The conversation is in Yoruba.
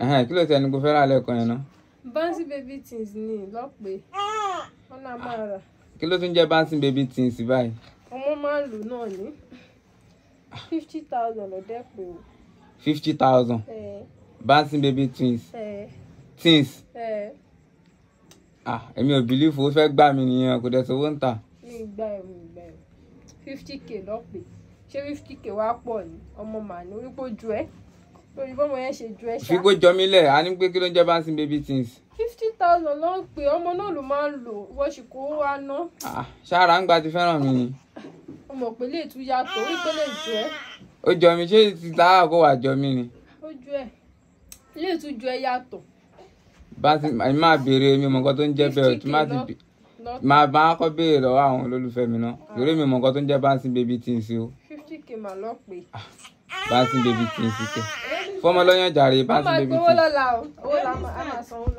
kí ló tẹ ẹni kó fẹ́ rà lẹ́ẹ̀kan yẹn náà. bouncy baby things ni lọ́pẹ́ wọn náà máa rà. kí ló tún jẹ́ bouncy baby things báyìí. ọmọ máa ń lò náà ní fifty thousand lọ́dẹ̀ pé o. fifty thousand. bouncy baby things. things. ah èmi ò bìlífù ó fẹ́ gbà mí nìyẹn kò dẹ̀ sówó ń tà. mi gbà ẹ̀ mi gbà ẹ̀ fifty k lọ́pẹ́ ṣé fifty k wá pọ̀ ni ọmọ màá ní orí kò ju ẹ́ lórí bọ́mọ yẹn ṣe ju ẹ̀ṣá. fi kó jọ mí lẹ̀ a ní pé kí ló ń jẹ́ bouncing baby things. fifty thousand ló ń pè ọmọ náà ló máa ń lò wọ́n sì kó wa ná. Ah, ṣáàrà ń gba ti fẹ́ràn mi ni. ọmọ pé lè tún yàtọ̀ orí pé lè jọ ẹ́. ó jọ mi ṣé ti ta àkó wà jọ mi ni. ó jọ ẹ lè tún jọ ẹ yàtọ̀. bouncing ẹ máa béèrè mi mọ nǹkan tó ń jẹ́ bẹ́ẹ̀ tí má ti bì máa bá kọ́ béèrè lọ́wọ́ àwọn olólùfẹ́ mi náà lórí ah. mi mọ nǹkan to ń jẹ́ bouncing baby things o. fifty k mà lọ pé. Ah, bouncing baby things kẹ́ fọmọlọ́yàn jàre bá ti lè bí tu.